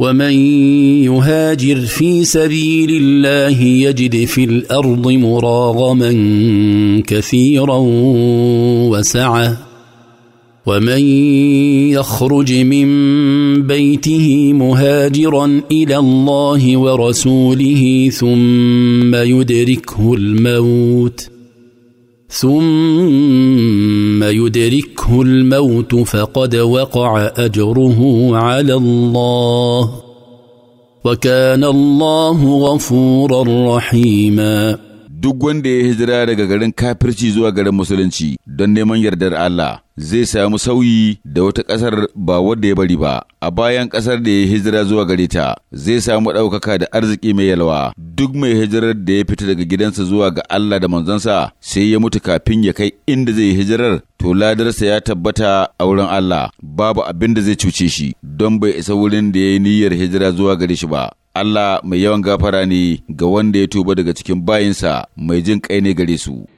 ومن يهاجر في سبيل الله يجد في الارض مراغما كثيرا وسعه ومن يخرج من بيته مهاجرا الى الله ورسوله ثم يدركه الموت ثم ثم يدركه الموت فقد وقع اجره على الله وكان الله غفورا رحيما duk wanda ya hijira daga garin kafirci zuwa garin musulunci don neman yardar Allah zai samu sauyi da wata ƙasar ba wadda ya bari ba a bayan ƙasar da ya hijira zuwa gare ta zai samu ɗaukaka da arziki mai yalwa duk mai hijirar da ya fita daga gidansa zuwa ga Allah da manzansa sai ya mutu kafin ya kai inda zai hijirar to ladarsa ya tabbata a wurin Allah babu abin da zai cuce shi don bai isa wurin da ya yi niyyar hijira zuwa gare shi ba Allah mai yawan gafara ne ga wanda ya tuba daga cikin bayinsa mai jin kai ne gare su.